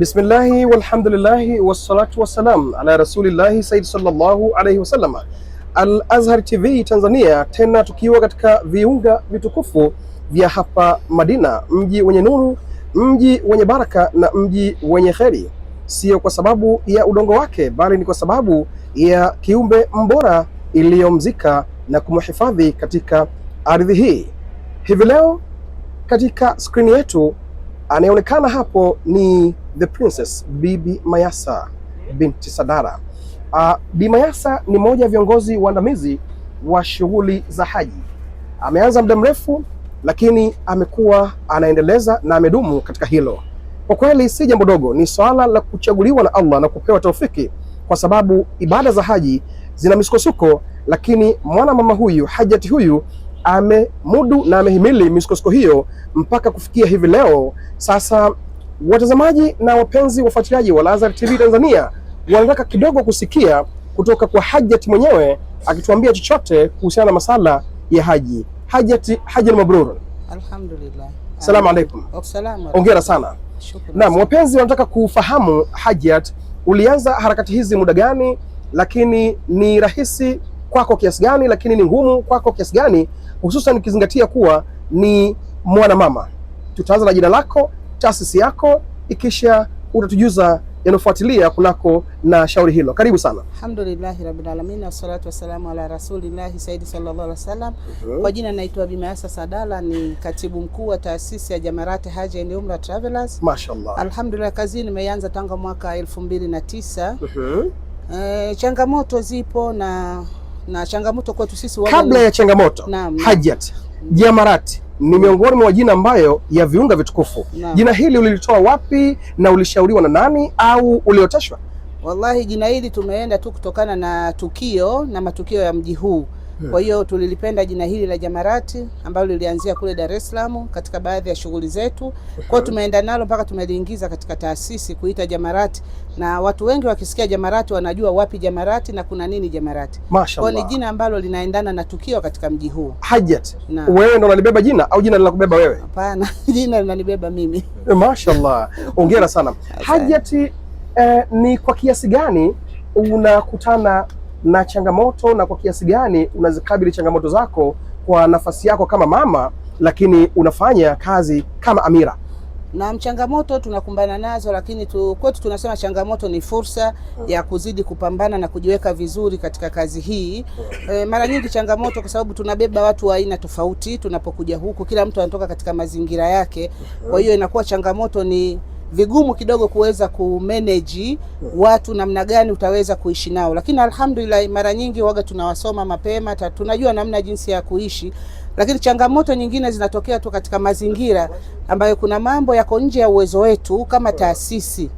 Bismillahi walhamdulillahi wassalatu wassalam ala rasulillahi sayyid sallallahu alayhi wasallam. Al Azhar TV Tanzania, tena tukiwa katika viunga vitukufu vya hapa Madina, mji wenye nuru, mji wenye baraka na mji wenye kheri, sio kwa sababu ya udongo wake, bali ni kwa sababu ya kiumbe mbora iliyomzika na kumhifadhi katika ardhi hii. Hivi leo katika skrini yetu Anayeonekana hapo ni the princess Bibi Mayasa binti Sadara. Uh, Bi Mayasa ni mmoja wa viongozi waandamizi wa shughuli za haji. Ameanza muda mrefu, lakini amekuwa anaendeleza na amedumu katika hilo. Kwa kweli si jambo dogo, ni swala la kuchaguliwa na Allah na kupewa taufiki, kwa sababu ibada za haji zina misukosuko, lakini mwana mama huyu hajati huyu amemudu na amehimili misukosuko hiyo mpaka kufikia hivi leo. Sasa watazamaji na wapenzi wafuatiliaji wa Lazar TV Tanzania wanataka kidogo kusikia kutoka kwa Hajat mwenyewe akituambia chochote kuhusiana na masala ya haji. Hajat, Hajat mabrur. Alhamdulillah. Salamu alaikum. Hongera sana. Naam, wapenzi wanataka kufahamu Hajat, ulianza harakati hizi muda gani, lakini ni rahisi kwako kiasi gani, lakini ni ngumu kwako kiasi gani, hususan ukizingatia kuwa ni mwanamama. Tutaanza na jina lako, taasisi yako, ikisha utatujuza yanayofuatilia kunako na shauri hilo. Karibu sana. Alhamdulillahi rabbil alamin wassalatu wassalamu ala rasulillahi saidi sallallahu alaihi wasallam. uh Kwa jina naitwa Bimaasa Sadala, ni katibu mkuu wa taasisi ya Jamarati Haji and Umra Travelers. Mashaallah, alhamdulillah, kazi nimeanza tangu mwaka elfu mbili na tisa. uh E, changamoto zipo na na changamoto kwetu sisi. Kabla ya changamoto, Hajat Jamarat ni miongoni mwa majina ambayo ya viunga vitukufu. Jina hili ulilitoa wapi na ulishauriwa na nani au ulioteshwa? Wallahi, jina hili tumeenda tu kutokana na tukio na matukio ya mji huu. Kwa hiyo tulilipenda jina hili la Jamarati ambalo lilianzia kule Dar es Salaam katika baadhi ya shughuli zetu. Kwa hiyo tumeenda nalo mpaka tumeliingiza katika taasisi kuita Jamarati, na watu wengi wakisikia Jamarati wanajua wapi Jamarati na kuna nini Jamarati. Kwa ni jina ambalo linaendana na tukio katika mji huu. Hajat, wewe ndo unalibeba jina au jina linakubeba wewe? Hapana, jina linanibeba mimi. Eh, Mashaallah, hongera sana Hajat. Eh, ni kwa kiasi gani unakutana na changamoto na kwa kiasi gani unazikabili changamoto zako kwa nafasi yako kama mama, lakini unafanya kazi kama Amira. Na changamoto tunakumbana nazo, lakini tu, kwetu tunasema changamoto ni fursa ya kuzidi kupambana na kujiweka vizuri katika kazi hii. E, mara nyingi changamoto kwa sababu tunabeba watu wa aina tofauti tunapokuja huku, kila mtu anatoka katika mazingira yake, kwa hiyo inakuwa changamoto ni vigumu kidogo kuweza kumanage watu namna gani utaweza kuishi nao, lakini alhamdulillah, mara nyingi waga tunawasoma mapema, tunajua namna jinsi ya kuishi. Lakini changamoto nyingine zinatokea tu katika mazingira ambayo kuna mambo yako nje ya uwezo wetu kama taasisi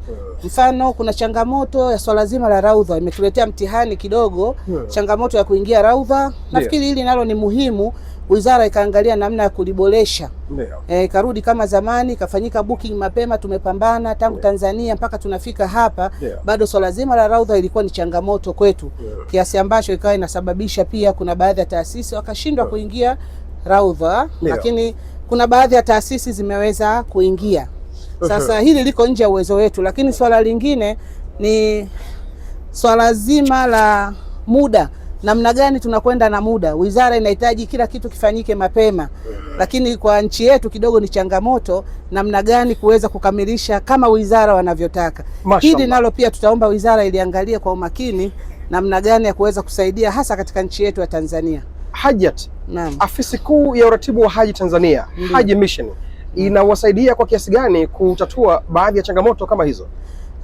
Mfano, kuna changamoto ya swala zima la raudha, imetuletea mtihani kidogo yeah. changamoto ya kuingia raudha yeah. Nafikiri hili nalo ni muhimu, wizara ikaangalia namna ya kuliboresha yeah. E, eh, karudi kama zamani, kafanyika booking mapema, tumepambana tangu yeah. Tanzania mpaka tunafika hapa yeah. Bado swala zima la raudha ilikuwa ni changamoto kwetu yeah. Kiasi ambacho ikawa inasababisha pia kuna baadhi ya taasisi wakashindwa yeah. kuingia raudha yeah. Lakini kuna baadhi ya taasisi zimeweza kuingia sasa hili liko nje ya uwezo wetu, lakini swala lingine ni swala zima la muda namna gani tunakwenda na muda. Wizara inahitaji kila kitu kifanyike mapema, lakini kwa nchi yetu kidogo ni changamoto, namna gani kuweza kukamilisha kama wizara wanavyotaka. Hili nalo pia tutaomba wizara iliangalie kwa umakini, namna gani ya kuweza kusaidia hasa katika nchi yetu ya Tanzania. Hajat, naam, afisi kuu ya uratibu wa haji Tanzania, Haji Mission inawasaidia kwa kiasi gani kutatua baadhi ya changamoto kama hizo?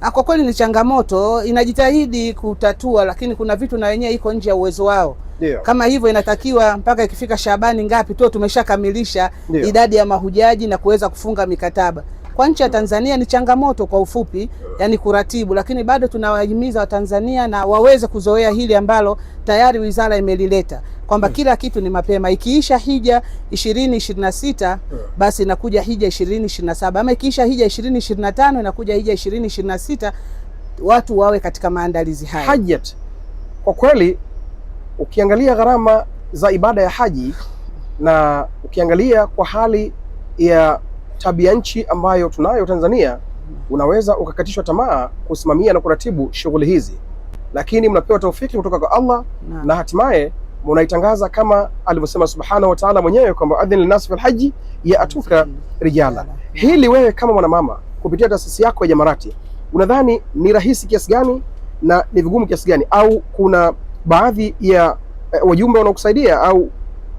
Ah, kwa kweli ni changamoto, inajitahidi kutatua, lakini kuna vitu na wenyewe iko nje ya uwezo wao. Dio. Kama hivyo inatakiwa mpaka ikifika Shabani ngapi tu tumeshakamilisha idadi ya mahujaji na kuweza kufunga mikataba kwa nchi ya Tanzania ni changamoto kwa ufupi, yani kuratibu, lakini bado tunawahimiza Watanzania na waweze kuzoea hili ambalo tayari wizara imelileta kwamba hmm. kila kitu ni mapema. Ikiisha hija ishirini ishirini na sita hmm. basi inakuja hija ishirini ishirini saba ama ikiisha hija ishirini ishirini tano inakuja hija ishirini watu wawe katika maandalizi haya Hajat. Kwa kweli ukiangalia gharama za ibada ya haji na ukiangalia kwa hali ya tabia nchi ambayo tunayo Tanzania, unaweza ukakatishwa tamaa kusimamia na kuratibu shughuli hizi, lakini mnapewa taufiki kutoka kwa Allah na, na hatimaye munaitangaza kama alivyosema subhanahu wa ta'ala mwenyewe kwamba adhin linasi fil haji ya atuka rijala. Hili wewe kama mwanamama kupitia taasisi yako ya Jamarati unadhani ni rahisi kiasi gani na ni vigumu kiasi gani, au kuna baadhi ya eh, wajumbe wanaokusaidia au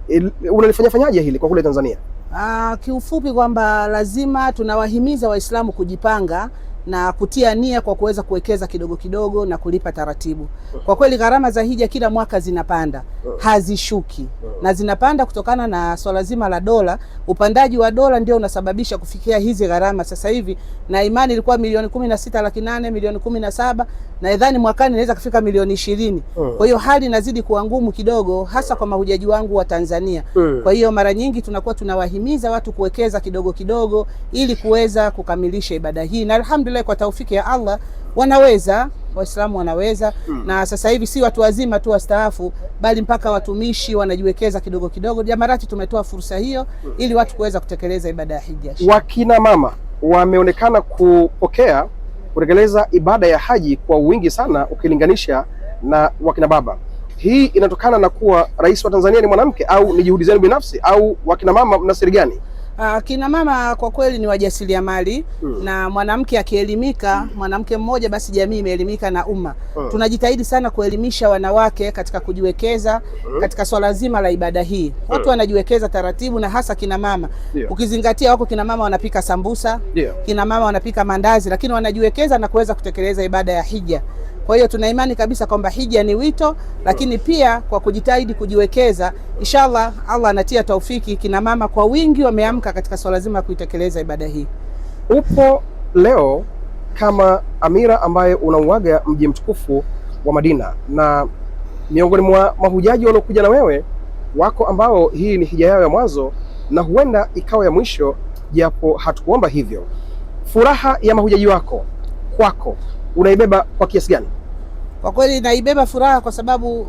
eh, unalifanya fanyaje hili kwa kule Tanzania? Aa, ah, kiufupi kwamba lazima tunawahimiza Waislamu kujipanga na kutia nia kwa kuweza kuwekeza kidogo kidogo na kulipa taratibu. Kwa kweli gharama za hija kila mwaka zinapanda, hazishuki, na zinapanda kutokana na swala zima la dola. Upandaji wa dola ndio unasababisha kufikia hizi gharama sasa hivi, na imani ilikuwa milioni kumi na sita laki nane milioni kumi na saba na idhani mwakani inaweza kufika milioni ishirini. Kwa hiyo hali inazidi kuwa ngumu kidogo, hasa kwa mahujaji wangu wa Tanzania. Kwa hiyo mara nyingi tunakuwa tunawahimiza watu kuwekeza kidogo kidogo ili kuweza kukamilisha ibada hii na alhamdulillah alhamdulillah, kwa taufiki ya Allah wanaweza Waislamu wanaweza hmm. Na sasa hivi si watu wazima tu wastaafu, bali mpaka watumishi wanajiwekeza kidogo kidogo. Jamarati tumetoa fursa hiyo hmm. ili watu kuweza kutekeleza ibada ya hija. Wakina mama wameonekana kupokea kutekeleza ibada ya haji kwa wingi sana ukilinganisha na wakina baba. Hii inatokana na kuwa rais wa Tanzania ni mwanamke, au ni juhudi zenu binafsi, au wakina mama mna siri gani? Ah, kina mama kwa kweli ni wajasiriamali mm. na mwanamke akielimika, hmm. mwanamke mmoja basi jamii imeelimika na umma mm. tunajitahidi sana kuelimisha wanawake katika kujiwekeza mm. katika swala zima la ibada hii mm. watu wanajiwekeza taratibu, na hasa kina mama yeah. ukizingatia wako kina mama wanapika sambusa yeah. kina mama wanapika mandazi, lakini wanajiwekeza na kuweza kutekeleza ibada ya hija kwa hiyo tuna imani kabisa kwamba hija ni wito, lakini pia kwa kujitahidi kujiwekeza, inshallah Allah anatia taufiki. Kina mama kwa wingi wameamka katika swala zima ya kuitekeleza ibada hii. Upo leo kama amira ambaye unauaga mji mtukufu wa Madina, na miongoni mwa mahujaji waliokuja na wewe wako ambao hii ni hija yao ya mwanzo na huenda ikawa ya mwisho, japo hatukuomba hivyo. Furaha ya mahujaji wako kwako unaibeba kwa kiasi gani? Kwa kweli naibeba furaha, kwa sababu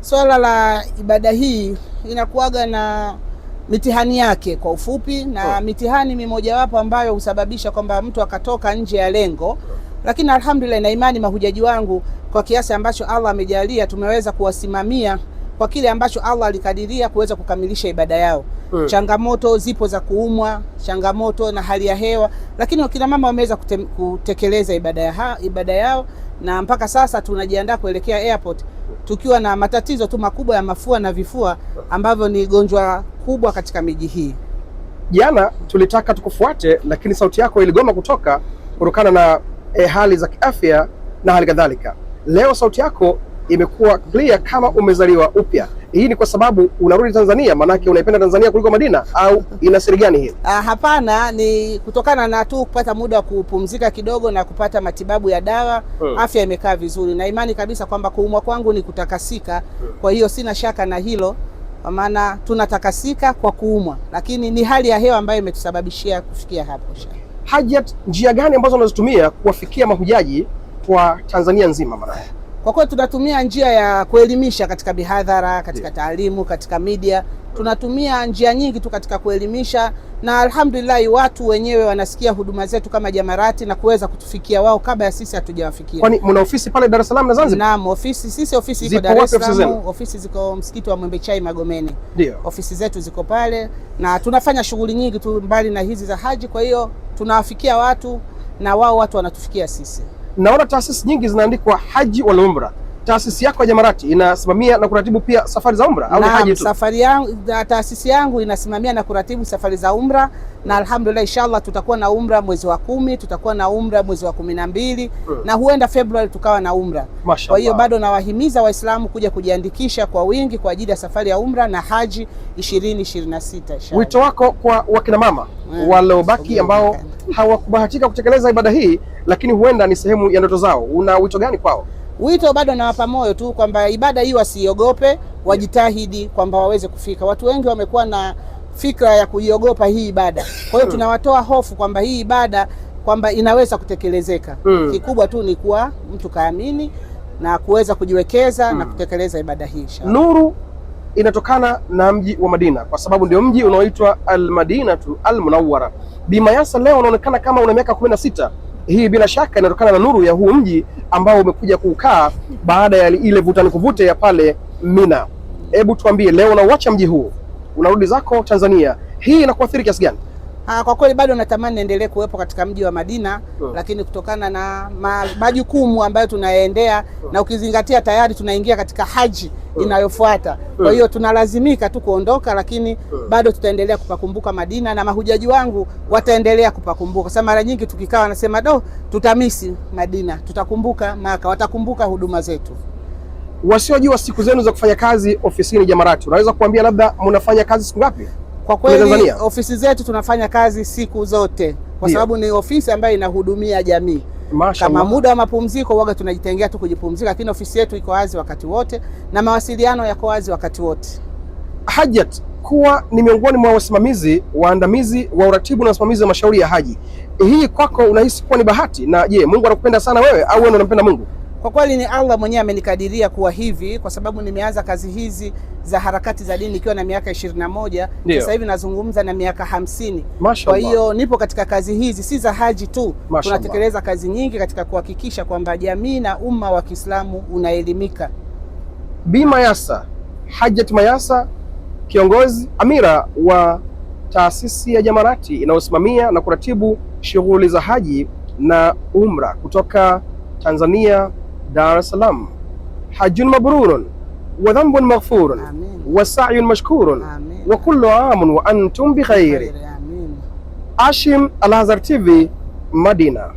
swala la ibada hii inakuwaga na mitihani yake kwa ufupi, na oh, mitihani mimojawapo ambayo husababisha kwamba mtu akatoka nje ya lengo, lakini alhamdulillah, na imani mahujaji wangu kwa kiasi ambacho Allah amejalia tumeweza kuwasimamia kwa kile ambacho Allah alikadiria kuweza kukamilisha ibada yao. Mm. Changamoto zipo za kuumwa, changamoto na hali ya hewa, lakini wakina mama wameweza kutekeleza ibada ya ibada yao, na mpaka sasa tunajiandaa kuelekea airport tukiwa na matatizo tu makubwa ya mafua na vifua ambavyo ni gonjwa kubwa katika miji hii. Jana tulitaka tukufuate, lakini sauti yako iligoma kutoka kutokana na eh, hali za kiafya na hali kadhalika. Leo sauti yako imekuwa clear kama umezaliwa upya. Hii ni kwa sababu unarudi Tanzania, maanake unaipenda Tanzania kuliko Madina, au ina siri gani hii? Ah, hapana, ni kutokana na tu kupata muda wa kupumzika kidogo na kupata matibabu ya dawa hmm. Afya imekaa vizuri na imani kabisa kwamba kuumwa kwangu ni kutakasika hmm. Kwa hiyo sina shaka na hilo, kwa maana tunatakasika kwa kuumwa, lakini ni hali ya hewa ambayo imetusababishia kufikia hapo. Hajat, njia gani ambazo unazitumia kuwafikia mahujaji kwa Tanzania nzima maana kwa kweli tunatumia njia ya kuelimisha katika mihadhara, katika yeah, taalimu, katika media, tunatumia njia nyingi tu katika kuelimisha, na alhamdulillahi watu wenyewe wanasikia huduma zetu kama Jamarati na kuweza kutufikia wao kabla ya sisi hatujawafikia. Kwani mna ofisi pale Dar es Salaam na Zanzibar? Naam, ofisi sisi ofisi iko Dar es Salaam, ofisi ziko msikiti wa Mwembe Chai Magomeni. Ndio. Ofisi zetu ziko pale na tunafanya shughuli nyingi tu mbali na hizi za haji, kwa hiyo tunawafikia watu na wao watu wanatufikia sisi naona taasisi nyingi zinaandikwa haji wala umra. Taasisi yako ya Jamarati inasimamia na kuratibu pia safari za umra au ni haji tu? Safari yangu, taasisi yangu inasimamia na kuratibu safari za umra na alhamdulillah, inshallah tutakuwa na umra mwezi wa kumi, tutakuwa na umra mwezi wa kumi na mbili hmm. na huenda Februari tukawa na umra. Kwa hiyo bado nawahimiza Waislamu kuja kujiandikisha kwa wingi kwa ajili ya safari ya umra na haji 2026 inshallah. Wito wako kwa wakina mama hmm. waliobaki ambao hawakubahatika kutekeleza ibada hii lakini huenda ni sehemu ya ndoto zao. Una wito gani kwao? Wito bado nawapa moyo tu kwamba ibada hii wasiogope, wajitahidi kwamba waweze kufika. Watu wengi wamekuwa na fikra ya kuiogopa hii ibada, kwa hiyo hmm. tunawatoa hofu kwamba hii ibada kwamba inaweza kutekelezeka. Mm. Kikubwa tu ni kuwa mtu kaamini na kuweza kujiwekeza mm, na hmm. kutekeleza ibada hii. Nuru inatokana na mji wa Madina kwa sababu ndio mji unaoitwa Almadinatu Almunawwara. Bi Mayasa leo unaonekana kama una miaka kumi na sita hii bila shaka inatokana na nuru ya huu mji ambao umekuja kukaa baada ya ile vutani kuvute ya pale Mina. Hebu tuambie leo unauacha mji huu unarudi zako Tanzania, hii inakuathiri kiasi gani? Ha, ah, kwa kweli bado natamani niendelee kuwepo katika mji wa Madina hmm, lakini kutokana na majukumu ambayo tunayaendea hmm, na ukizingatia tayari tunaingia katika haji Eh. inayofuata. Kwa eh. hiyo tunalazimika tu kuondoka, lakini eh. bado tutaendelea kupakumbuka Madina na mahujaji wangu wataendelea kupakumbuka. Sasa mara nyingi tukikaa wanasema do, tutamisi Madina, tutakumbuka Maka, watakumbuka huduma zetu. Wasiojua siku zenu za kufanya kazi ofisini Jamarat, unaweza kuambia labda mnafanya kazi siku ngapi? Kwa kweli ofisi zetu tunafanya kazi siku zote kwa sababu ni ofisi ambayo inahudumia jamii. Masha Kama muda wa mapumziko waga tunajitengea tu kujipumzika, lakini ofisi yetu iko wazi wakati wote na mawasiliano yako wazi wakati wote. Hajat kuwa ni miongoni mwa wasimamizi waandamizi wa uratibu na wasimamizi wa mashauri ya haji, hii kwako unahisi kuwa ni bahati? Na je, Mungu anakupenda sana wewe au wewe unampenda Mungu? Kwa kweli ni Allah mwenyewe amenikadiria kuwa hivi, kwa sababu nimeanza kazi hizi za harakati za dini nikiwa na miaka 21. Sasa hivi nazungumza na miaka hamsini. Kwa hiyo nipo katika kazi hizi, si za haji tu, tunatekeleza kazi nyingi katika kuhakikisha kwamba jamii na umma wa Kiislamu unaelimika. Bi Mayasa, Hajat Mayasa, kiongozi amira wa taasisi ya Jamarati inayosimamia na kuratibu shughuli za haji na umra kutoka Tanzania دار السلام حج مبرور وذنب مغفور آمين. والسعي مشكور آمين. وكل عام وأنتم بخير آمين. آشم تي في مدينة